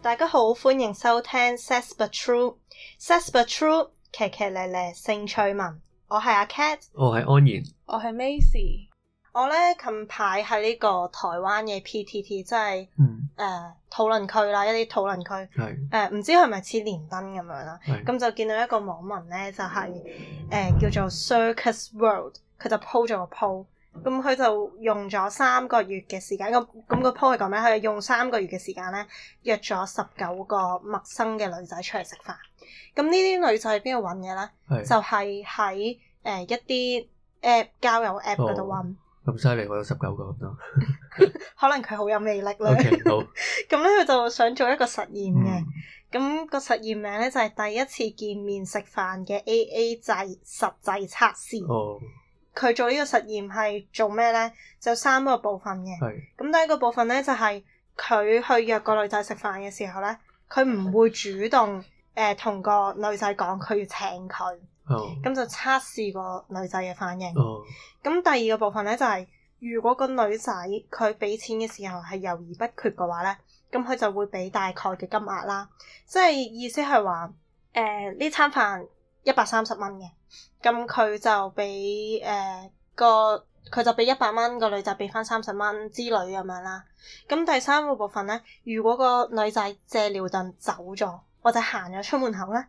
大家好，歡迎收聽《Sex But True》，《Sex But True 奇奇麗麗》，騎騎咧咧性趣聞，我係阿 Cat，我係安然，我係 Macy，我咧近排喺呢個台灣嘅 PTT，即係誒討論區啦，一啲討論區係，誒唔是、呃、知係咪似連登咁樣啦，咁是就見到一個網民咧，就係、是、誒、呃、叫做 Circus World，佢就鋪咗個鋪。咁佢就用咗三個月嘅時間，咁咁、嗰個鋪係講咩？佢用三個月嘅時間咧，約咗十九個陌生嘅女仔出嚟食飯。咁呢啲女仔喺邊度揾嘅咧？是就係喺誒一啲 app 交友 app 嗰度揾。咁犀利，我有十九個咁多， 可能佢好有魅力咧。O K，好，咁咧，佢 就想做一個實驗嘅。咁、嗯、個實驗名咧就係第一次見面食飯嘅 A A 制實際測試。哦。佢做呢個實驗係做咩呢？就三個部分嘅。咁係第一個部分呢，就係、係、佢去約個女仔食飯嘅時候呢，佢唔會主動誒、呃、同個女仔講佢要請佢。哦。咁就測試個女仔嘅反應。哦。咁第二個部分呢，就係、係、如果個女仔佢俾錢嘅時候係猶豫不決嘅話呢，咁佢就會俾大概嘅金額啦。即係意思係話誒呢餐飯。一百三十蚊嘅，咁佢就俾誒、呃、個，佢就俾一百蚊個女仔，俾翻三十蚊之類咁樣啦。咁第三個部分呢，如果個女仔借尿遁走咗，或者行咗出門口呢，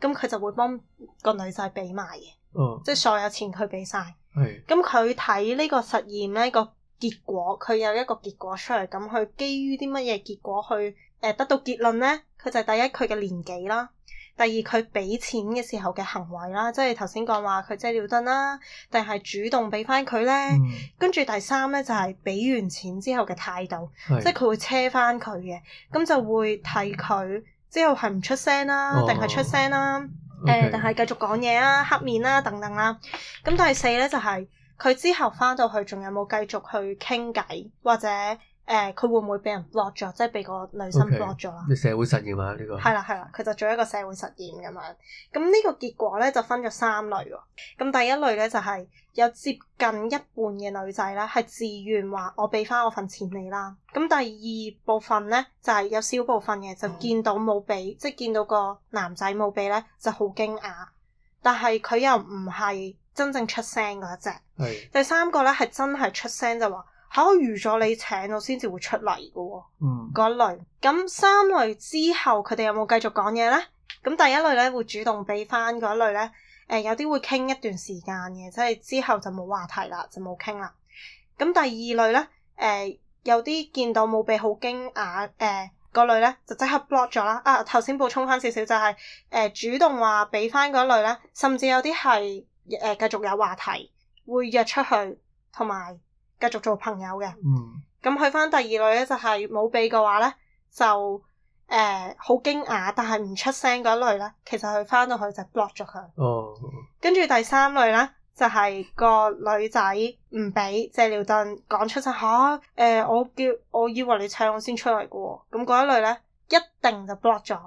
咁佢就會幫個女仔俾埋嘅，哦、即係所有錢佢俾晒。係。咁佢睇呢個實驗呢個結果，佢有一個結果出嚟，咁佢基於啲乜嘢結果去誒得到結論呢，佢就第一佢嘅年紀啦。第二佢俾錢嘅時候嘅行為啦，即係頭先講話佢借尿遁啦，定係主動俾翻佢咧？嗯、跟住第三咧就係俾完錢之後嘅態度，是即係佢會車翻佢嘅，咁就會睇佢之後係唔出聲啦，定係出聲啦？誒，定係繼續講嘢啊，黑面啦等等啦。咁、嗯、第四咧就係、是、佢之後翻到去仲有冇繼續去傾偈或者？誒，佢、呃、會唔會俾人 block 咗？即係俾個女生 block 咗啦？Okay. 你社會實驗、這個嗯嗯、啊，呢個係啦係啦，佢就做一個社會實驗咁樣。咁呢個結果咧就分咗三類喎。咁第一類咧就係、是、有接近一半嘅女仔咧係自願話我俾翻我份錢你啦。咁第二部分咧就係、是、有少部分嘅就見到冇俾，嗯、即係見到個男仔冇俾咧就好驚訝。但係佢又唔係真正出聲嗰一隻。係 是第三個咧係真係出聲就話，考預咗你請我先至會出嚟嘅喎，嗰一類。咁三類之後佢哋有冇繼續講嘢咧？咁第一類咧會主動俾翻嗰一類咧，誒、呃、有啲會傾一段時間嘅，即係之後就冇話題啦，就冇傾啦。咁第二類咧，誒、呃、有啲見到冇俾好驚訝，誒、呃、嗰類咧就即刻 block 咗啦。啊頭先補充翻少少就係、是、誒、呃、主動話俾翻嗰一類咧，甚至有啲係誒繼續有話題，會約出去同埋，繼續做朋友嘅，咁去翻第二類咧，就係冇俾嘅話咧，就誒好驚訝，但係唔出聲嗰一類咧，其實佢翻到去就 block 咗佢。哦。跟住第三類咧，就係、是、個女仔唔俾謝廖震講出聲，吓、啊、誒、呃，我叫我以為你請我先出嚟嘅，咁嗰一類咧，一定就 block 咗，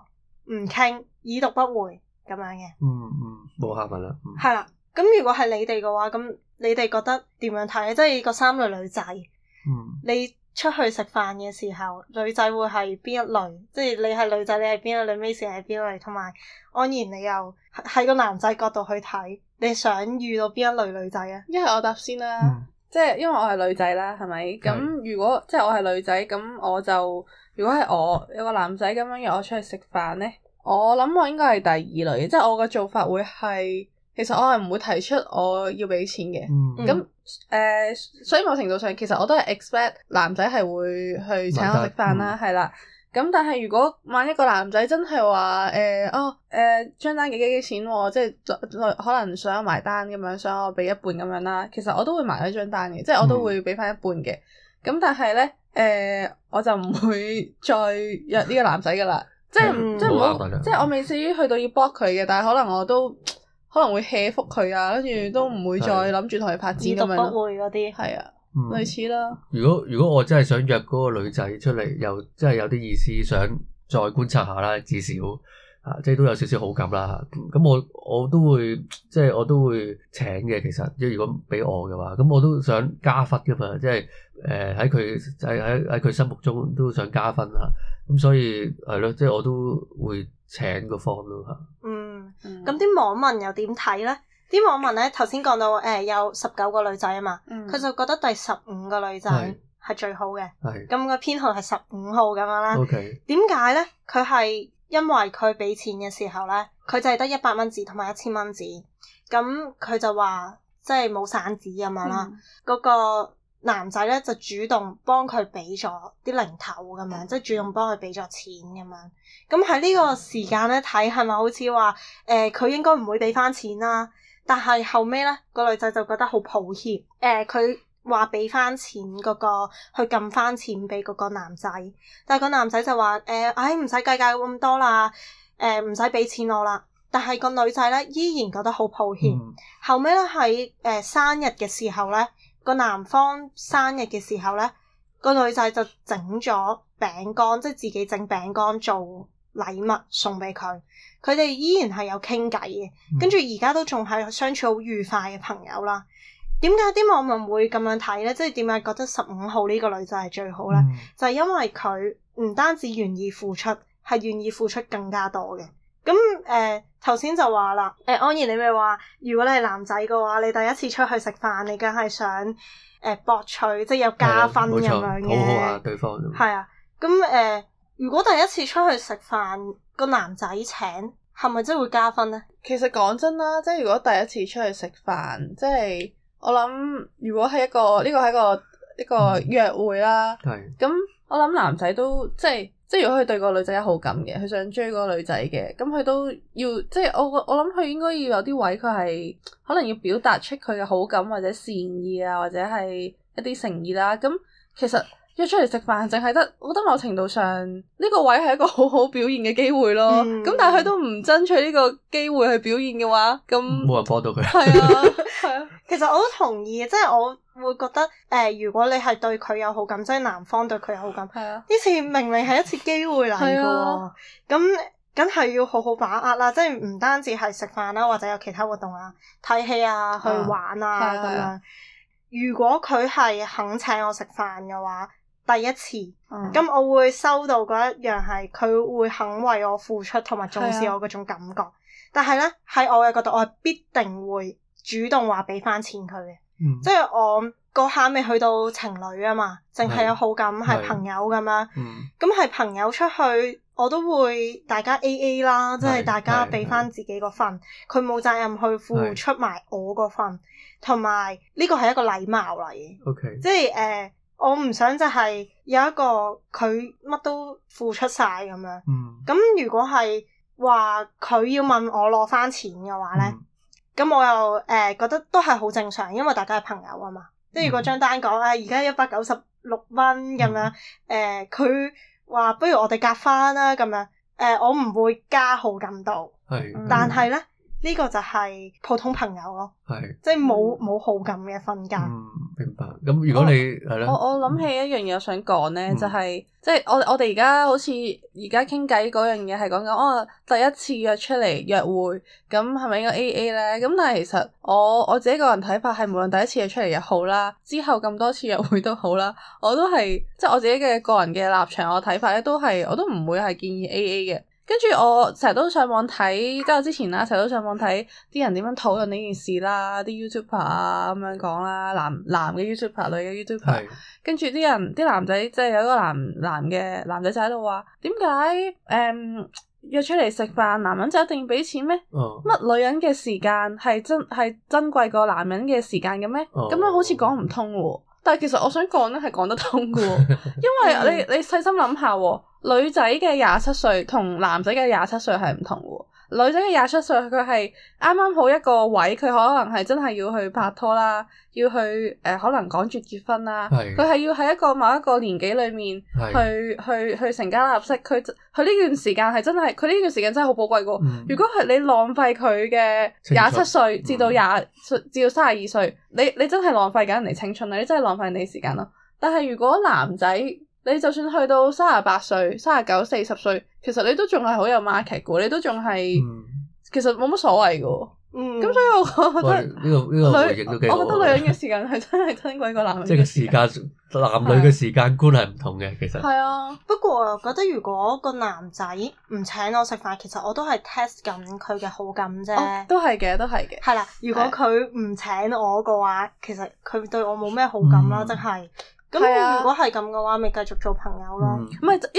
唔傾，已讀不回咁樣嘅、嗯。嗯嗯，冇下文啦。係啦，咁如果係你哋嘅話，咁。你哋覺得點樣睇？即係個三類女仔，嗯、你出去食飯嘅時候，女仔會係邊一類？即係你係女仔，你係邊一類 Mazy 係邊一類？同埋安然，你又喺個男仔角度去睇，你想遇到邊一類女仔啊？一係我答先啦，嗯、即係因為我係女仔啦，係咪？咁是如果即係我係女仔，咁我就如果係我有個男仔咁樣約我出去食飯呢，我諗我應該係第二類，即係我嘅做法會係。其實我係唔會提出我要俾錢嘅，咁誒、嗯呃，所以某程度上其實我都係 expect 男仔係會去請我食飯啦，係啦、嗯。咁但係如果萬一,一個男仔真係話誒哦誒、呃、張單幾幾幾錢喎、哦，即係可能想埋單咁樣，想我俾一半咁樣啦，其實我都會埋咗張單嘅，嗯、即係我都會俾返一半嘅。咁但係咧誒，我就唔會再約呢個男仔噶啦，嗯、即係、嗯、即係唔好，即係我未至於去到要搏佢嘅，但係可能我都。可能會 hea 覆佢啊，跟住都唔會再諗住同佢拍子同埋咯。唔會嗰啲，係啊，類似啦。如果如果我真係想約嗰個女仔出嚟，又真係有啲意思，想再觀察下啦，至少啊，即係都有少少好感啦。咁、啊、我我都會即係我都會請嘅，其實即係如果俾我嘅話，咁我都想加分噶嘛，即係誒喺佢喺喺喺佢心目中都想加分啊。咁所以係咯，即係我都會請個方咯吓。啊、嗯。咁啲、嗯、網民又點睇呢？啲網民呢，頭先講到誒、呃、有十九個女仔啊嘛，佢、嗯、就覺得第十五個女仔係最好嘅，咁、嗯、個編號係十五號咁樣啦。點解、嗯、呢？佢係因為佢俾錢嘅時候呢，佢就係得一百蚊紙同埋一千蚊紙，咁佢就話即係冇散紙咁樣啦，嗰、那個。男仔咧就主動幫佢俾咗啲零頭咁樣，嗯、即係主動幫佢俾咗錢咁樣。咁喺呢個時間咧睇，係咪好似話誒佢應該唔會俾翻錢啦？但係後尾咧個女仔就覺得好抱歉誒，佢話俾翻錢嗰、嗰個去撳翻錢俾嗰個男仔，但係個男仔就話誒，唉唔使計計咁多啦，誒唔使俾錢我啦。但係個女仔咧依然覺得好抱歉。嗯、後尾咧喺誒生日嘅時候咧。個男方生日嘅時候呢個女仔就整咗餅乾，即係自己整餅乾做禮物送俾佢。佢哋依然係有傾偈嘅，跟住而家都仲係相處好愉快嘅朋友啦。點解啲網民會咁樣睇呢？即係點解覺得十五號呢個女仔係最好呢？就係因為佢唔單止願意付出，係願意付出更加多嘅。咁誒頭先就話啦，誒、呃、安然你咪話，如果你係男仔嘅話，你第一次出去食飯，你梗係想誒、呃、博取，即係有加分咁樣嘅。討好下，對方。係啊，咁誒，如果第一次出去食飯個男仔請，係咪真係會加分咧？其實講真啦，即係如果第一次出去食飯，即係我諗，如果係一個呢、呢個係一個一、呢個約會啦，係、嗯。咁我諗男仔都即係。即係如果佢對個女仔有好感嘅，佢想追嗰個女仔嘅，咁佢都要，即係我我諗佢應該要有啲位，佢係可能要表達出佢嘅好感或者善意啊，或者係一啲誠意啦、啊。咁其實。約出嚟食飯，淨係得，我覺得某程度上呢個位係一個好好表現嘅機會咯。咁但係佢都唔爭取呢個機會去表現嘅話，咁冇人幫到佢。係啊，係 啊樂。其實我都同意，即、就、係、是、我會覺得誒、呃，如果你係對佢有好感，即係男方對佢有好感，係啊。呢次明明係一次機會嚟㗎，咁梗係要好好把握啦。即係唔單止係食飯啦，或者有其他活動啊，睇戲啊，去玩啊咁樣。如果佢係肯請我食飯嘅話，第一次，咁、嗯、我會收到嗰一樣係佢會肯為我付出同埋重視我嗰種感覺。啊、但係呢，喺我嘅角度，我係必定會主動話俾翻錢佢嘅，嗯、即係我嗰下未去到情侶啊嘛，淨係有好感係朋友咁樣。咁係朋友出去我都會大家 AA 啦，即係大家俾翻自己個份，佢冇責任去付出埋我個份，同埋呢個係一個禮貌嚟嘅，Okay 即係誒。呃我唔想就係有一個佢乜都付出晒咁樣，咁、嗯、如果係話佢要問我攞翻錢嘅話咧，咁、嗯、我又誒、呃、覺得都係好正常，因為大家係朋友啊嘛。跟、即係、如果張單講，誒而家一百九十六蚊咁樣，誒佢話不如我哋夾翻啦咁樣，誒、呃、我唔會加號咁多，嗯、但係咧。嗯呢個就係普通朋友咯，係是即係冇冇好感嘅分界、嗯。明白。咁如果你係咧我呢，我我諗起一樣嘢我想講咧、嗯就是，就係即係我我哋而家好似而家傾偈嗰樣嘢係講緊，哦第一次約出嚟約會，咁係咪應該 A A 咧？咁但係其實我我自己個人睇法係，無論第一次約出嚟又好啦，之後咁多次約會都好啦，我都係即係我自己嘅個人嘅立場，我睇法咧都係我都唔會係建議 A A 嘅。跟住我成日都上網睇，即係之前啦，成日都上網睇啲人點樣討論呢件事啦，啲 YouTuber 啊咁樣講啦，男男嘅 YouTuber，女嘅 YouTuber 是。跟住啲人，啲男仔即係有一個男男嘅男仔就喺度話，點解誒約出嚟食飯，男人就一定要俾錢咩？乜、哦、女人嘅時間係真係珍貴過男人嘅時間嘅咩？咁、哦、樣好似講唔通喎、啊。但係其實我想講咧，係講得通嘅、啊， 因為你你細心諗下。女仔嘅廿七歲，男歲同男仔嘅廿七歲係唔同嘅喎，女仔嘅廿七歲佢係啱啱好一個位，佢可能係真係要去拍拖啦，要去誒、呃、可能趕住結婚啦，佢係的要喺一個某一個年紀裏面去的去去，去成家立室，佢佢呢段時間係真係佢呢段時間真係好寶貴嘅喎。嗯、如果係你浪費佢嘅廿七歲至到廿春、嗯、至到三十二歲，你你真係浪費緊人哋青春啊！你真係浪費人哋時間咯。但係如果男仔，你就算去到三十八歲，三十九、四十歲，其實你都仲係好有 market 嘅，你都仲係，其實冇乜所謂嘅。嗯，咁所以我覺得呢、這個呢、這個回應我覺得女人嘅時間係真係珍貴過男人。即係 時間，男女嘅時間觀係唔同嘅，其實。係啊，不過我覺得如果個男仔唔請我食飯，其實我都係 test 緊佢嘅好感啫。都係嘅，都係嘅。係啦，如果佢唔請我嘅話，其實佢對我冇咩好感啦，即係、嗯。真咁如果係咁嘅話，咪繼續做朋友咯。唔係、嗯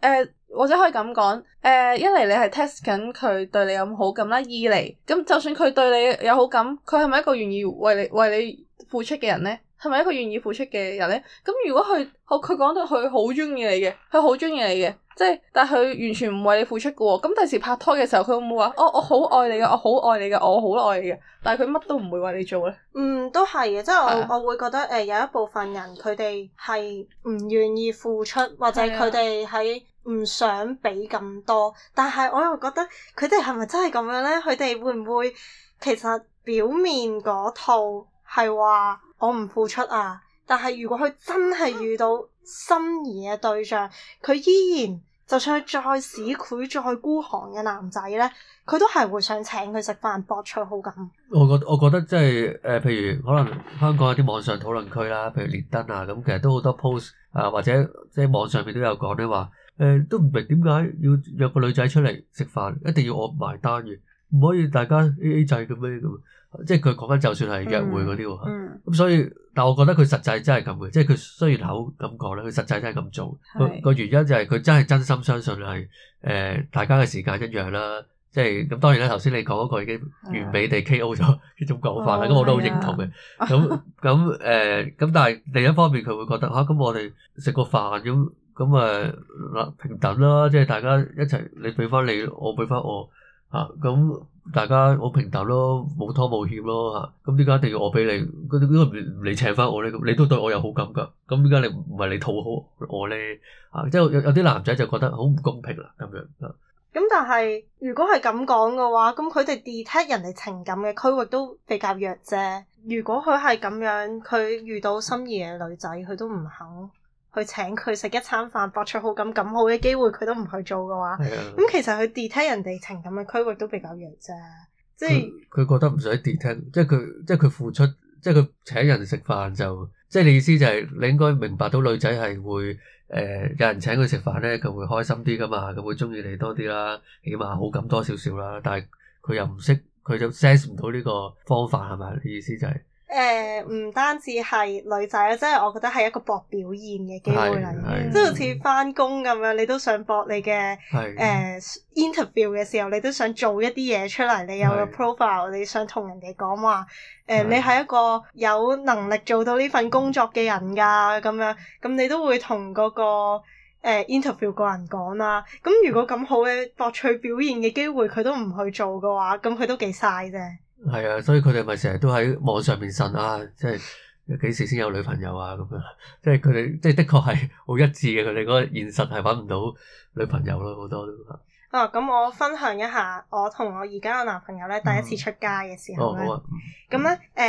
呃呃，一誒，或者可以咁講，誒，一嚟你係 test 緊佢對你有好感啦，二嚟咁就算佢對你有好感，佢係咪一個願意為你為你付出嘅人咧？係咪一個願意付出嘅人咧？咁如果佢好，佢講到佢好中意你嘅，佢好中意你嘅。即係，但係佢完全唔為你付出嘅喎。咁第時拍拖嘅時候，佢會唔會話，哦、oh，我好愛你嘅，我好愛你嘅，我好愛你嘅。但係佢乜都唔會為你做咧。嗯，都係嘅，即係我、啊、我會覺得，誒，有一部分人佢哋係唔願意付出，或者佢哋喺唔想俾咁多。啊、但係我又覺得佢哋係咪真係咁樣咧？佢哋會唔會其實表面嗰套係話我唔付出啊？但係如果佢真係遇到、啊，心儀嘅對象，佢依然就算佢再市儈、再孤寒嘅男仔咧，佢都係會想請佢食飯博取好感。我覺我覺得即係誒，譬、就是呃、如可能香港有啲網上討論區啦，譬如連登啊咁，其實都好多 post 啊，或者即係網上邊都有講咧，話、呃、誒都唔明點解要約個女仔出嚟食飯，一定要我埋單嘅，唔可以大家 AA 制咁咩咁。即係佢講返，就算係約會嗰啲，咁所以，嗯、但我覺得佢實際真係咁嘅，即係佢雖然口咁講啦，佢實際真係咁做。個是原因就係佢真係真心相信係，誒、呃，大家嘅時間一樣啦。即係咁，當然啦，頭先你講嗰個已經完美地 K.O. 咗呢種講法啦，咁的、嗯、我都好認同嘅。咁咁誒、咁、呃、但係另一方面，佢會覺得，吓、啊、咁我哋食個飯咁咁啊平等囉，即係大家一齊，你俾翻你，我俾翻我，吓、啊、咁。啊啊啊啊啊啊大家好平等咯，冇拖冇欠咯吓，咁點解一定要我俾你？啲你請翻我咧，你都對我有好感噶，咁點解你唔係你討好我咧？啊，即係有有啲男仔就覺得好唔公平啦，咁樣咁但係如果係咁講嘅話，咁佢哋 detect 人哋情感嘅區域都比較弱啫。如果佢係咁樣，佢遇到心儀嘅女仔，佢都唔肯。去請佢食一餐飯，博出好感咁好嘅機會，佢都唔去做嘅話，咁、哎、呀其實佢 detect 人哋情感嘅區域都比較弱啫。即係佢覺得唔使 detect，即係佢即係佢付出，即係佢請人食飯就，即係你意思就係你應該明白到女仔係會誒、呃、有人請佢食飯咧，佢會開心啲噶嘛，佢會中意你多啲啦，起碼好感多少少啦。但係佢又唔識，佢就 sense 唔到呢個方法係咪？你意思就係、是？誒唔、呃、單止係女仔啊，即係我覺得係一個搏表現嘅機會嚟，即係好似翻工咁樣，嗯、你都想搏你嘅誒是、呃、interview 嘅時候，你都想做一啲嘢出嚟，你有個 profile，是你想同人哋講話，誒、呃、是你係一個有能力做到呢份工作嘅人㗎，咁樣咁你都會同嗰、那個、呃、interview 個人講啦、啊。咁如果咁好嘅博取表現嘅機會，佢都唔去做嘅話，咁佢都幾嘥啫。係啊，所以佢哋咪成日都喺網上面呻啊，即係幾時先有女朋友啊咁樣，即係佢哋即係的確係好一致嘅，佢哋嗰個現實係搵唔到女朋友咯，好多都。啊，咁我分享一下我同我而家嘅男朋友咧第一次出街嘅時候咧，咁咧、嗯，誒、哦，嗰、啊嗯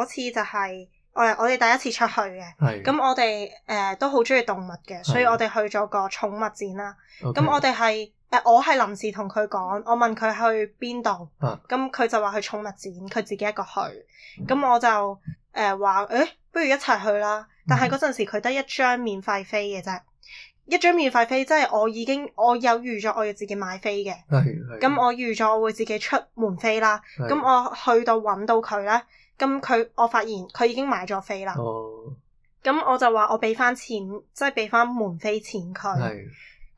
呃、次就係我我哋第一次出去嘅，咁的我哋誒、呃、都好中意動物嘅，所以我哋去咗個寵物展啦，咁的我哋係。okay. 誒，我係臨時同佢講，我問佢去邊度，咁佢、啊、就話去寵物展，佢自己一個去，咁、嗯、我就誒話，誒、呃欸、不如一齊去啦。但係嗰陣時佢得一張免費飛嘅啫，一張免費飛即係我已經我有預咗我要自己買飛嘅，咁、嗯嗯、我預咗我會自己出門飛啦。咁、嗯嗯、我去到揾到佢咧，咁佢我發現佢已經買咗飛啦，咁、哦、我就話我俾翻錢，即係俾翻門飛錢佢。嗯嗯嗯嗯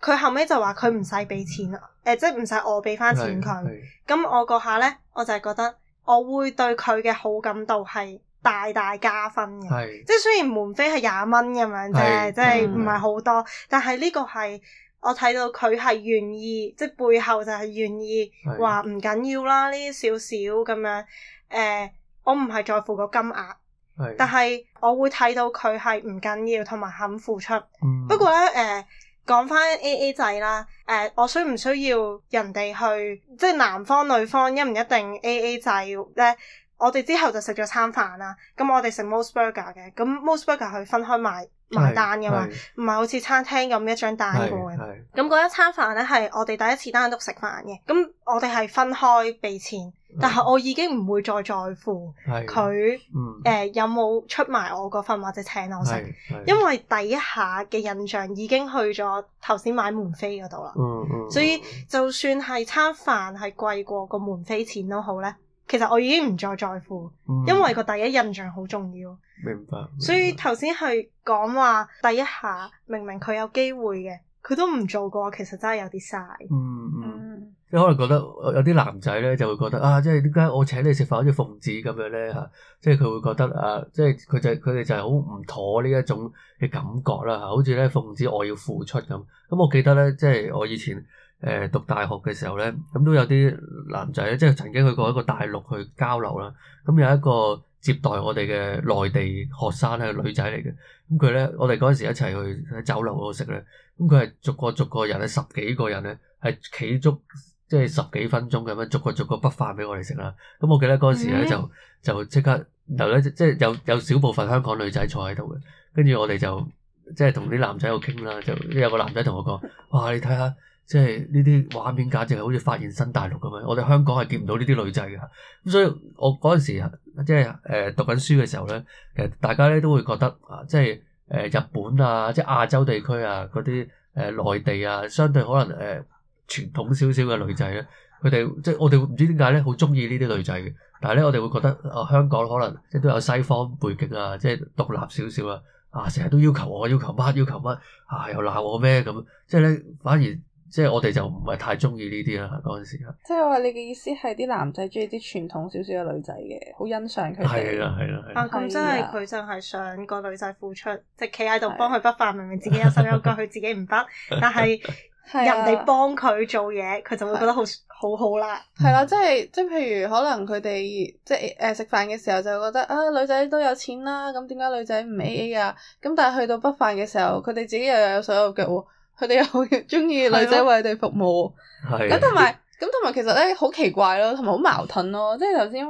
佢後尾就話佢唔使俾錢啦，誒、嗯呃，即係唔使我俾翻錢佢。咁、嗯、我嗰下呢，我就係覺得我會對佢嘅好感度係大大加分嘅。嗯、即係雖然門飛係廿蚊咁樣啫，嗯、即係唔係好多，嗯、但係呢個係我睇到佢係願意，即係背後就係願意話唔緊要啦，呢少少咁樣。誒、呃，我唔係在乎個金額，嗯、但係我會睇到佢係唔緊要，同埋肯付出。不過呢。誒、嗯。講翻 A A 制啦，誒、呃，我需唔需要人哋去，即係男方女方一唔一定 A A 制咧？我哋之後就食咗餐飯啦，咁我哋食 MOS Burger 嘅，咁 MOS Burger 佢分開埋買,買單噶嘛，唔係好似餐廳咁一張單嘅喎。咁嗰一餐飯咧係我哋第一次單獨食飯嘅，咁我哋係分開俾錢。但係我已經唔會再在乎佢，誒、嗯呃、有冇出埋我嗰份或者請我食，因為第一下嘅印象已經去咗頭先買門飛嗰度啦。嗯嗯、所以就算係餐飯係貴過個門飛錢都好咧，其實我已經唔再在乎，嗯、因為個第一印象好重要，明。明白。所以頭先係講話第一下，明明佢有機會嘅，佢都唔做過，其實真係有啲嘥、嗯。嗯嗯。即可能覺得有啲男仔咧就會覺得啊，啊，即係點解我請你食飯好似奉旨咁樣咧嚇？即係佢會覺得啊，即係佢就佢哋就係好唔妥呢一種嘅感覺啦嚇，好似咧奉旨我要付出咁。咁、嗯、我記得咧，即係我以前誒、呃、讀大學嘅時候咧，咁、嗯、都有啲男仔咧，即係曾經去過一個大陸去交流啦。咁、嗯、有一個接待我哋嘅內地學生咧，女仔嚟嘅。咁佢咧，我哋嗰陣時一齊去喺酒樓嗰度食咧。咁佢係逐個逐個人咧，十幾個人咧係企足。即係十幾分鐘咁樣，逐個逐個筆飯俾我哋食啦。咁我記得嗰陣時咧，就就即刻，然後咧即係有有少部分香港女仔坐喺度嘅。跟住我哋就即係同啲男仔喺度傾啦。就有個男仔同我講，哇！你睇下，即係呢啲畫面，簡直係好似發現新大陸咁樣。我哋香港係見唔到呢啲女仔嘅。咁所以我，我嗰陣時即係誒讀緊書嘅時候咧，其實大家咧都會覺得啊，即係誒日本啊，即係亞洲地區啊，嗰啲誒內地啊，相對可能誒。呃傳統少少嘅女仔咧，佢哋即係我哋唔知點解咧，好中意呢啲女仔嘅。但係咧，我哋會覺得啊，香港可能即係都有西方背景點點啊，即係獨立少少啊，啊成日都要求我，要求，要求乜，要求乜啊，又鬧我咩咁？即係咧，反而即係我哋就唔係太中意呢啲啦。嗰陣時啊，即係話你嘅意思係啲男仔中意啲傳統少少嘅女仔嘅，好欣賞佢哋係啦，係啦，啊咁真係佢就係想個女仔付出，即係企喺度幫佢不忿，明明的自己有手有腳，佢自己唔幫，但係。 人哋幫佢做嘢，佢就會覺得好好好啦。係啦，即係即係，譬如可能佢哋即係誒食飯嘅時候就會覺得啊，女仔都有錢啦，咁點解女仔唔 A A 啊？咁但係去到北飯嘅時候，佢哋自己又有手有腳喎，佢哋又中意女仔為佢哋服務。咁同埋咁同埋，其實咧好奇怪咯，同埋好矛盾咯。即係頭先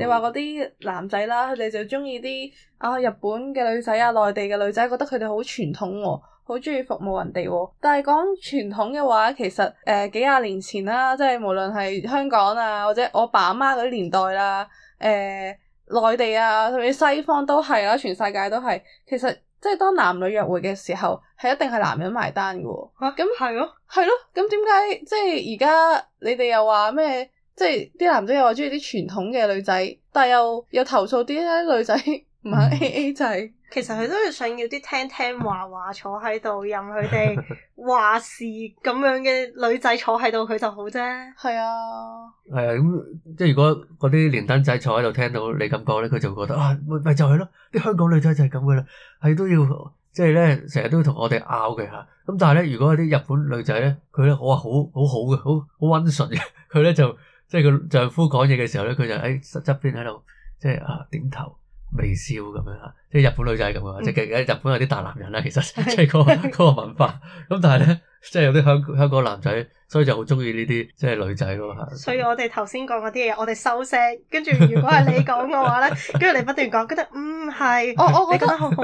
你話嗰啲男仔啦，佢哋就中意啲啊日本嘅女仔啊，內地嘅女仔，覺得佢哋好傳統喎。好中意服務人哋，啊、喎，但係講傳統嘅話，其實誒、呃、幾廿年前啦，即係無論係香港啊，或者我爸媽嗰啲年代啦，誒、呃、內地啊，甚至西方都係啦，啊，全世界都係。其實即係當男女約會嘅時候，係一定係男人埋單嘅喎。嚇？咁係咯，係咯那。咁點解即係而家你哋又話咩？即係啲男仔又話中意啲傳統嘅女仔，但係又又投訴啲咧女 AA 仔唔肯 AA 制。 其實佢都要想要啲聽聽話話坐喺度 任佢哋話事咁樣嘅女仔坐喺度佢就好啫。係 啊，係啊，咁即係如果嗰啲連登仔坐喺度聽到你咁講咧，佢就會覺得啊，咪就係咯，啲香港女仔就係咁噶啦，係都要即係咧，成日都同我哋拗嘅嚇。咁但係咧，如果啲日本女仔咧，佢咧我話好好好嘅，好好溫順嘅，佢咧就即係佢丈夫講嘢嘅時候咧，佢就喺側邊喺度即係啊點頭。微笑咁樣吓，即係日本女仔咁啊，即係日本有啲大男人啦，其實即係嗰個個文化。咁 但係咧，即係有啲香香港男仔，所以就好中意呢啲即係女仔咯吓。所以我哋頭先講嗰啲嘢， 我哋收聲，跟住如果係你講嘅話咧，跟住你不斷講，覺得唔係、嗯。我我覺得、啊、 我覺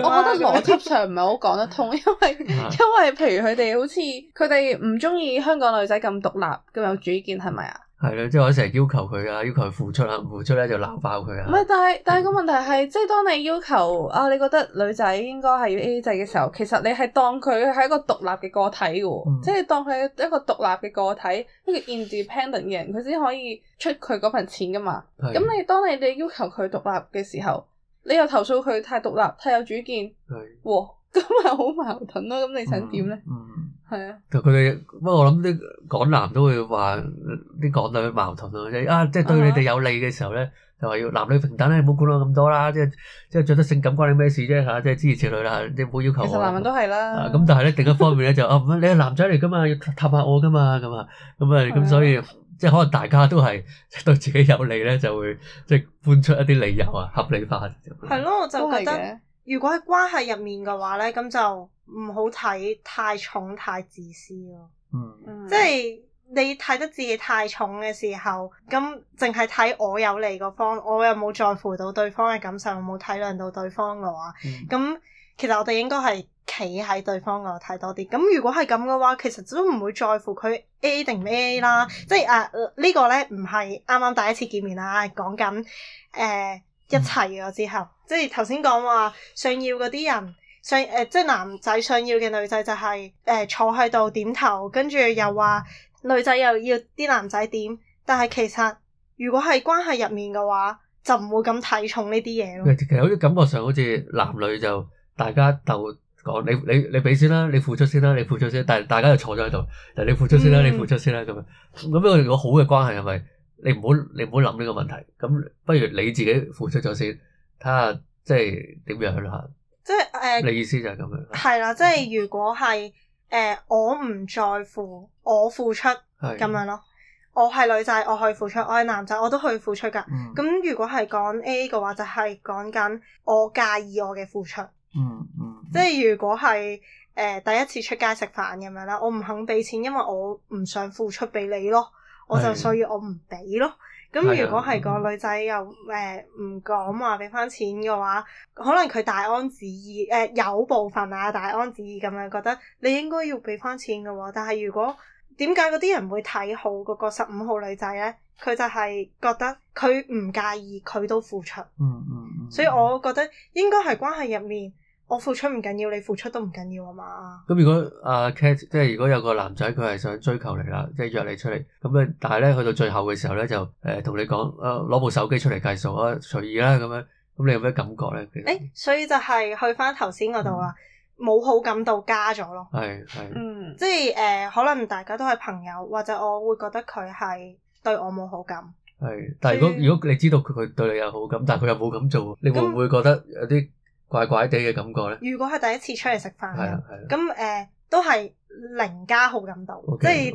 得邏輯上唔係好講得通，因為 因為譬如佢哋好似佢哋唔中意香港女仔咁獨立咁有主見，係咪啊？係啦，即係我成日要求佢啊，要求佢付出啊，付出咧就鬧爆佢啊。唔係，但係但係個問題係，嗯、即係當你要求啊，你覺得女仔應該係要 AA 制嘅時候，其實你係當佢係一個獨立嘅個體噶，嗯、即係當佢一個獨立嘅個體，一個 independent 嘅人，佢先可以出佢嗰份錢噶嘛。咁、嗯、你當你哋要求佢獨立嘅時候，你又投訴佢太獨立，太有主見，咁咪好矛盾咯。咁你想點咧？嗯嗯係啊，同佢哋，不過我諗啲港男都會話啲港女矛盾咯，即係啊，即係對你哋有利嘅時候咧，就話要男女平等咧，你唔好管我咁多啦，即係即係着得性感關你咩事啫吓，即係諸如此類啦，你唔好要求。Kind of. 其實男人都係啦。咁但係咧，另一方面咧就啊、是， 你係男仔嚟噶嘛，要氹下我噶嘛，咁啊，咁啊，咁所以即係的可能大家都係對自己有利咧，就會即係搬出一啲理由啊，哦、合理化。係咯，我就覺得如果喺關係入面嘅話咧，咁就。唔好睇太重太自私咯，mm hmm. 即係你睇得自己太重嘅時候，咁淨係睇我有利個方，我又冇在乎對到對方嘅感受，冇體諒到對方嘅話，咁、mm hmm. 其實我哋應該係企喺對方度睇多啲。咁如果係咁嘅話，其實都唔會在乎佢 A 定咩 A 啦。Mm hmm. 即係誒呢個咧唔係啱啱第一次見面啦，講緊誒一齊咗之後，mm hmm. 即係頭先講話想要嗰啲人。想誒，即係男仔想要嘅女仔就係誒坐喺度點頭，跟住又話女仔又要啲男仔點，但係其實如果係關係入面嘅話，就唔會咁睇重呢啲嘢咯。其實好似感覺上好似男女就大家鬥講，你你你俾先啦，你付出先啦，你付出先，但係大家又坐咗喺度，嗱你付出先啦，你付出先啦，咁樣、嗯、咁樣我哋個好嘅關係係咪你唔好你唔好諗呢個問題，咁不如你自己付出咗先，睇下即係點樣啦。即係誒，呃、你意思就係咁樣？係啦，即係如果係誒、呃，我唔在乎，我付出咁樣咯。我係女仔，我可以付出；我係男仔，我都可以付出噶。咁、嗯、如果係講 A 嘅話，就係講緊我介意我嘅付出。嗯嗯。嗯即係如果係誒、呃、第一次出街食飯咁樣啦，我唔肯俾錢，因為我唔想付出俾你咯，我就所以我唔俾咯。咁如果係個女仔又誒唔講話俾翻錢嘅話，可能佢大安旨意誒有部分啊，大安旨意咁樣覺得你應該要俾翻錢嘅喎。但係如果點解嗰啲人會睇好嗰個十五號女仔呢？佢就係覺得佢唔介意，佢都付出。嗯嗯嗯。所以我覺得應該係關係入面。我付出唔緊要，你付出都唔緊要啊嘛。咁如果阿 Cat、啊、即係如果有個男仔佢係想追求你啦，即係約你出嚟咁啊，但係咧去到最後嘅時候咧就誒同、呃、你講誒攞部手機出嚟計數啊隨意啦咁樣，咁你有咩感覺咧？誒，所以就係、是、去翻頭先嗰度啦，冇、嗯、好感度加咗咯。係係，嗯，即係誒、呃、可能大家都係朋友，或者我會覺得佢係對我冇好感。係，但係如果以如果你知道佢對你有好感，但係佢又冇咁做，你會唔會覺得有啲？怪怪地嘅感覺咧，如果係第一次出嚟食飯，咁誒、呃、都係零加好感度，即係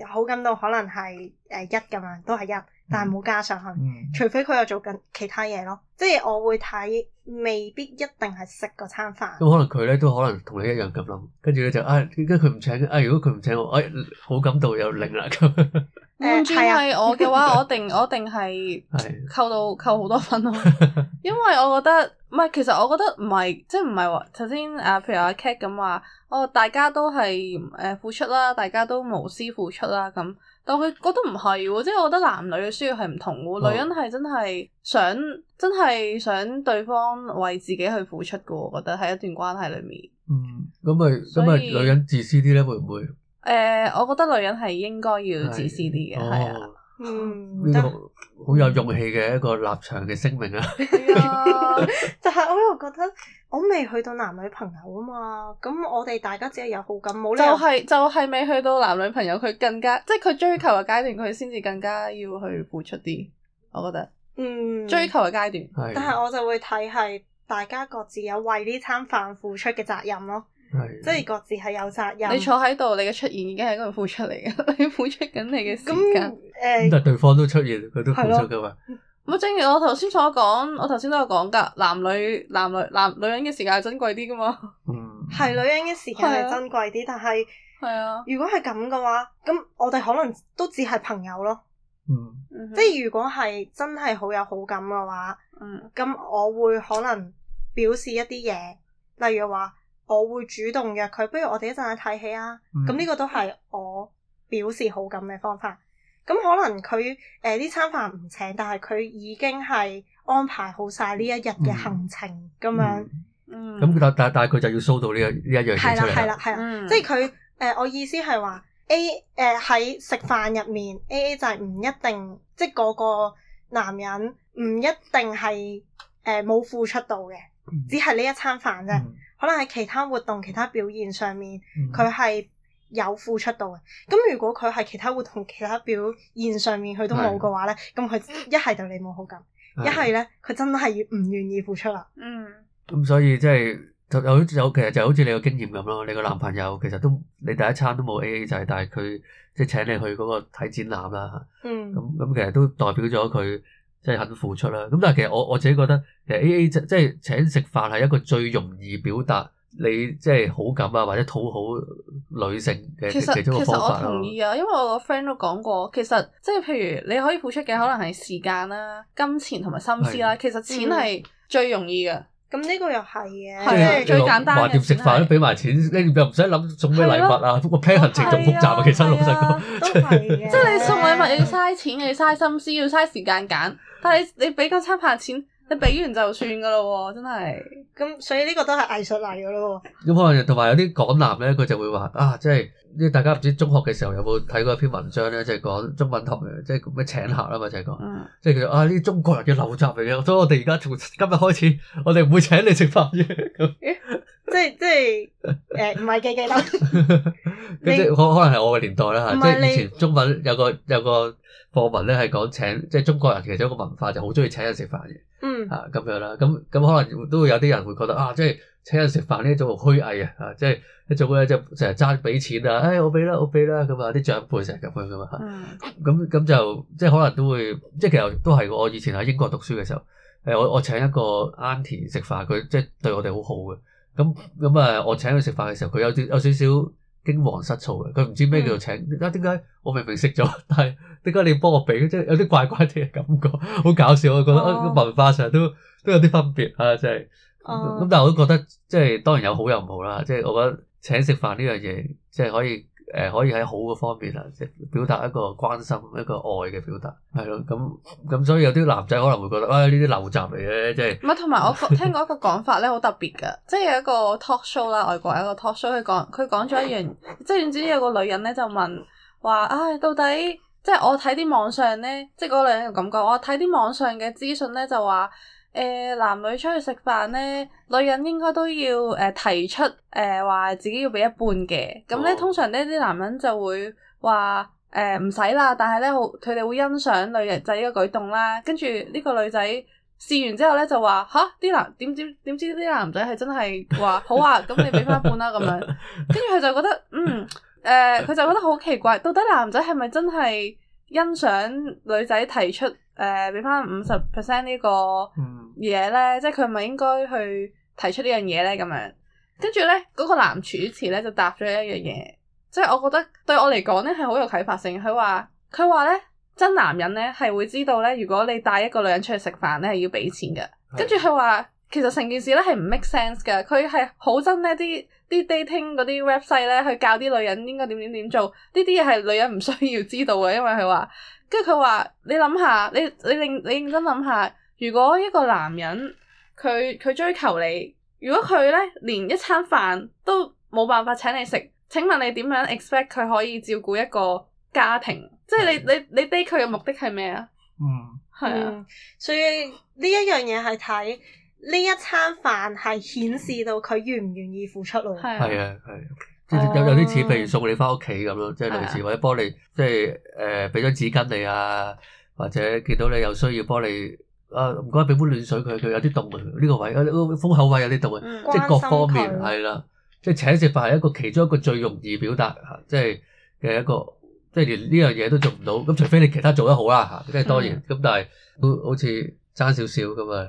誒好感度可能係誒一咁樣，都係一，嗯、但係冇加上去、嗯。除非佢有做緊其他嘢咯，即係我會睇未必一定係食嗰餐飯。咁、嗯、可能佢咧都可能同你一樣咁諗，跟住咧就啊點解佢唔請？啊，請啊如果佢唔請我，我、哎、好感度又零啦咁。換轉係我嘅話，我定我定係扣到 扣好多分咯，因為我覺得唔係，其實我覺得唔係，即係唔係話，頭先啊，譬如阿、啊、Cat 咁話，哦，大家都係誒、呃、付出啦，大家都無私付出啦咁，但佢覺得唔係，即係我覺得男女嘅需要係唔同，哦、女人係真係想真係想對方為自己去付出噶，我覺得喺一段關係裏面，嗯，咁咪咁咪女人自私啲咧，會唔會？誒、呃，我覺得女人係應該要自私啲嘅，係、哦、啊，嗯，呢個好，好有勇氣嘅一個立場嘅聲明啊！就 係 我又覺得，我未去到男女朋友啊嘛，咁我哋大家只係有好感，冇理由就係、是、就係、是、未去到男女朋友，佢更加即係佢追求嘅階段，佢先至更加要去付出啲，我覺得，嗯，追求嘅階段，是但係我就會睇係大家各自有為呢餐飯付出嘅責任咯。係，即係各自係有責任你。你坐喺度，你嘅出現已經喺嗰度付出嚟嘅，你付出緊你嘅時間。咁、呃、但係對方都出現，佢都付出嘅嘛。咁的正如我頭先所講，我頭先都有講噶，男女男女男女人嘅時間係珍貴啲噶嘛。嗯，係女人嘅時間係珍貴啲，的但係係啊。的如果係咁嘅話，咁我哋可能都只係朋友咯。嗯，即係如果係真係好有好感嘅話，嗯，咁我會可能表示一啲嘢，例如話。我會主動約佢，不如我哋一陣去睇戲啊。咁呢、嗯、個都係我表示好感嘅方法。咁可能佢誒呢餐飯唔請，但係佢已經係安排好晒呢一日嘅行程咁、嗯、樣。嗯，咁但但但係佢就要收到呢、嗯、一呢一樣嘢出嚟。係啦，係啦，係啦，嗯、即係佢誒。我意思係話 A 誒、呃、喺食飯入面 A A 就係唔一定，即係嗰個男人唔一定係誒冇付出到嘅，只係呢一餐飯啫。嗯可能喺其他活動、其他表現上面，佢係有付出到嘅。咁、嗯、如果佢係其他活動、其他表現上面佢都冇嘅話咧，咁佢一係對你冇好感，一係咧佢真係唔願意付出啦。嗯。咁所以即係就、就好其實就好似你嘅經驗咁咯，你個男朋友其實都你第一餐都冇 A A 制，但係佢即係請你去嗰個睇展覽啦。嗯。咁咁其實都代表咗佢。即係肯付出啦，咁但係其實我我自己覺得，其實 A A 即係請食飯係一個最容易表達你即係好感啊，或者討好女性嘅其中一個方法咯。其實其實我同意啊，因為我個 friend 都講過，其實即係譬如你可以付出嘅可能係時間啦、啊、金錢同埋心思啦、啊，的其實錢係最容易嘅。嗯咁呢個又係嘅，係的最簡單嘅。橫掂食飯都俾埋錢，你又唔使諗送咩禮物啊！個 plan 的行程仲複雜啊，的其實老實講的 都係嘅。 即係你送禮物要嘥錢，你嘥心思，要嘥時間揀。但係你俾個餐牌錢。你俾完就算噶咯喎，真係，咁所以呢個都係藝術嚟噶咯喎。咁、嗯、可能同埋有啲港男咧，佢就會話啊，即係啲大家唔知中學嘅時候有冇睇過一篇文章咧，即、就、係、是、講中文堂嘅，即係咩請客啦嘛，就係、是、講，即係其實啊，啲中國人嘅陋習嚟嘅，所以我哋而家從今日開始，我哋唔會請你食飯嘅，咁、嗯欸，即係即係誒，唔係嘅嘅啦。你我可能係我嘅年代啦嚇，即係以前中文有個有個。課文咧係講請，即係中國人其實一個文化就好中意請人食飯嘅，啊咁樣啦，咁咁可能都會有啲人會覺得啊，即係請人食飯呢一種虛偽啊，啊即係一種咧就成日爭俾錢啊，誒我俾啦我俾啦咁啊啲長輩成日咁樣噶嘛，咁咁就即係可能都會，即係其實都係我以前喺英國讀書嘅時候，誒我我請一個 aunty 食飯，佢即係對我哋好好嘅，咁咁啊我請佢食飯嘅時候，佢有啲有少少。驚惶失措嘅，佢唔知咩叫做請，嗯、啊點解我明明食咗，但係點解你要幫我畀？即係有啲怪怪哋嘅感覺，好搞笑。我覺得文化上都都有啲分別啊，即係咁，嗯、但係我都覺得即係當然有好有唔好啦，即係我覺得請食飯呢樣嘢即係可以。誒、呃、可以喺好嘅方面啊，即係表達一個關心、一個愛嘅表達，係咯，咁咁所以有啲男仔可能會覺得啊，呢啲陋習嚟嘅，即係。唔係，同埋我聽過一個講法咧，好特別嘅， 即係有一個 talk show 啦，外國有一個 talk show，佢講佢講咗一樣，即係總之有個女人咧就問話，唉、哎，到底即係我睇啲網上咧，即係嗰個女人嘅感覺，我睇啲網上嘅資訊咧就話。誒、呃，男女出去食飯咧，女人應該都要誒、呃、提出誒話、呃、自己要畀一半嘅，咁咧通常呢啲男人就會話誒唔使啦，但係咧好，佢哋會欣賞女人仔嘅舉動啦，跟住呢個女仔試完之後咧就話吓啲男點點點，知啲男仔係真係話好啊，咁你畀翻一半啦咁樣，跟住佢就覺得嗯誒，佢、呃、就覺得好奇怪，到底男仔係咪真係？欣賞女仔提出誒俾翻五十 percent 呢個嘢咧，嗯、即係佢咪應該去提出呢樣嘢咧？咁樣跟住咧嗰個男主持咧就答咗一樣嘢，即係我覺得對我嚟講咧係好有啟發性。佢話佢話咧真男人咧係會知道咧，如果你帶一個女人出去食飯咧係要俾錢嘅，跟住佢話。其實成件事咧係唔 make sense 㗎，佢係好憎呢啲啲 dating 嗰啲 website 咧去教啲女人應該點點點做，呢啲嘢係女人唔需要知道嘅，因為佢話，跟住佢話你諗下，你你你認你認真諗下，如果一個男人佢佢追求你，如果佢咧連一餐飯都冇辦法請你食，請問你點樣 expect 佢可以照顧一個家庭？即係你你你 date 佢嘅目的係咩啊？嗯，係啊，嗯，所以呢一樣嘢係睇。呢一餐飯係顯示到佢願唔願意付出咯，係啊係，即係、啊嗯、有有啲似，譬如送你翻屋企咁咯，即係類似或者幫你，即係誒俾咗紙巾你啊，或者見到你有需要幫你，啊唔該俾杯暖水佢，佢有啲凍嘅呢個位風口位有啲凍嘅，即係各方面係啦、啊，即係請食飯係一個其中一個最容易表達吓，即係嘅一個，即係連呢樣嘢都做唔到，咁除非你其他做得好啦吓，即係當然咁，啊、但係好似爭少少噶嘛。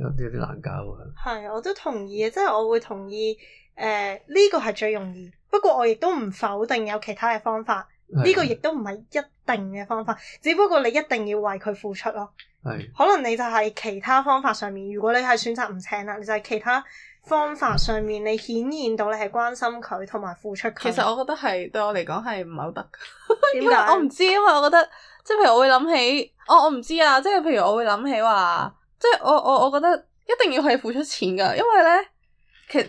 有啲有啲難搞啊！係，我都同意啊。即、就、係、是、我會同意。誒、呃、呢、這個係最容易，不過我亦都唔否定有其他嘅方法。呢的個亦都唔係一定嘅方法，只不過你一定要為佢付出咯。係的，可能你就係其他方法上面。如果你係選擇唔請啦，你就係其他方法上面，你顯現到你係關心佢同埋付出佢。其實我覺得係對我嚟講係唔係好得。點 解？因為我唔知因嘛，我覺得即係譬如我會諗起，哦、我我唔知啊，即係譬如我會諗起話。哦即係我我我覺得一定要係付出錢噶，因為咧，其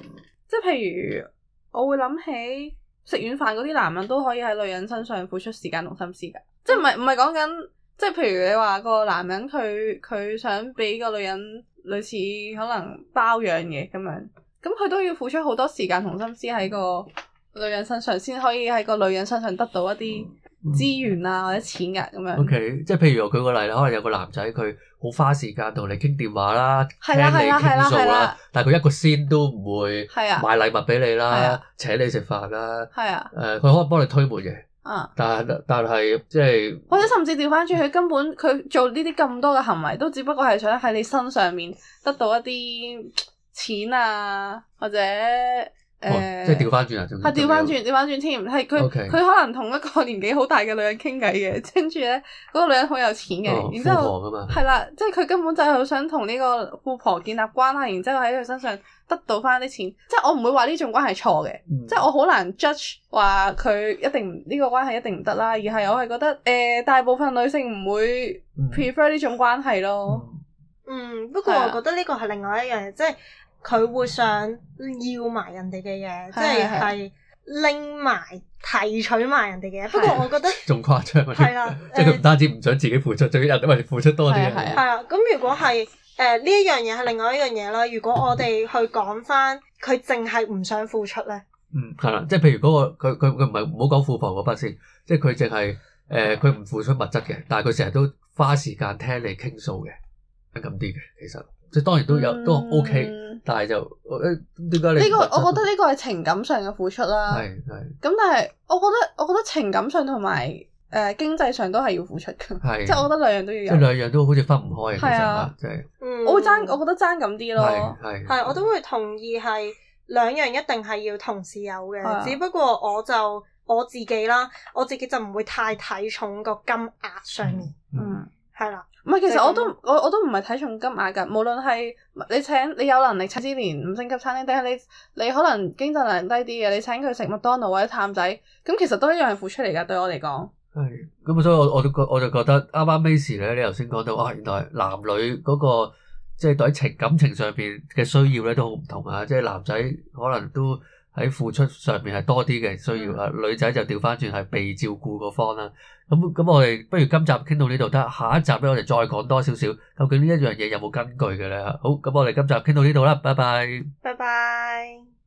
即係譬如我會諗起食軟飯嗰啲男人都可以喺女人身上付出時間同心思噶，即係唔係唔係講緊即係譬如你話個男人佢佢想俾個女人類似可能包養嘅咁樣，咁佢都要付出好多時間同心思喺個女人身上，先可以喺個女人身上得到一啲。資源啊，或者錢啊，咁樣。O、okay, K，即係譬如我舉個例啦，可能有個男仔佢好花時間同你傾電話啦，啊，聽你傾訴，啊啊、啦，但係佢一個先都唔會買禮物俾你啦，啊，請你食飯啦，誒、啊，佢、呃、可以幫你推門嘅，啊，但係但係即係或者甚至調翻轉，佢根本佢做呢啲咁多嘅行為，都只不過係想喺你身上面得到一啲錢啊，或者。誒，哦、即係調翻轉啊，仲係調翻轉，調翻轉添，係佢佢可能同一個年紀好大嘅女人傾偈嘅，跟住咧嗰個女人好有錢嘅，哦、然之後係啦，即係佢根本就係好想同呢個富婆建立關係，然之後喺佢身上得到翻啲錢。即係我唔會話呢種關係錯嘅，即係、嗯、我好難 judge 話佢一定呢、這個關係一定唔得啦。而係我係覺得誒、呃，大部分女性唔會 prefer 呢種關係咯。嗯，嗯，的嗯，不過我覺得呢個係另外一樣嘢，即、就、係、是。佢會想要埋人哋嘅嘢，即係拎埋提取埋人哋嘅嘢。不過我覺得仲誇張呀，係啦，即係佢唔單止唔想自己付出，仲要有人哋付出多啲嘅。係啊，咁如果係誒呢一樣嘢係另外一樣嘢啦。如果我哋去講翻佢淨係唔想付出咧，嗯，係啦，即係譬如嗰個佢佢佢唔係唔好講富婆嗰筆先，即係佢淨係誒佢唔付出物質嘅，但係佢成日都花時間聽你傾訴嘅咁啲嘅，其實。即係當然都有都 OK、嗯、但係就誒點解你？呢個我覺得呢個係情感上嘅付出啦。係係。咁但係我覺得我覺得情感上同埋誒經濟上都係要付出嘅。係。即係我覺得兩樣都要有。即係兩樣都好似分唔開嘅情況，即係。我會爭我覺得爭咁啲咯。係係。係我都會同意係兩樣一定係要同時有嘅，啊、只不過我就我自己啦，我自己就唔會太睇重個金額上面。嗯。係啦。唔係，其實我都、嗯、我我都唔係睇重金額噶，無論係你請你有能力請啲連五星級餐廳，定係你你可能經濟能力低啲嘅，你請佢食麥當勞或者探仔，咁其實都一樣係付出嚟噶，對我嚟講。係，咁所以我我都覺我就覺得啱啱咩事咧？你頭先講到啊，原來男女嗰、那個即係對情感情上邊嘅需要咧都好唔同啊！即、就、係、是、男仔可能都。喺付出上面係多啲嘅，需要啊。女仔就掉返轉係被照顧個方啦。咁咁，我哋不如今集傾到呢度得，看看下一集咧我哋再講多少少究竟呢一樣嘢有冇根據嘅咧。好，咁我哋今集傾到呢度啦，拜拜。拜拜。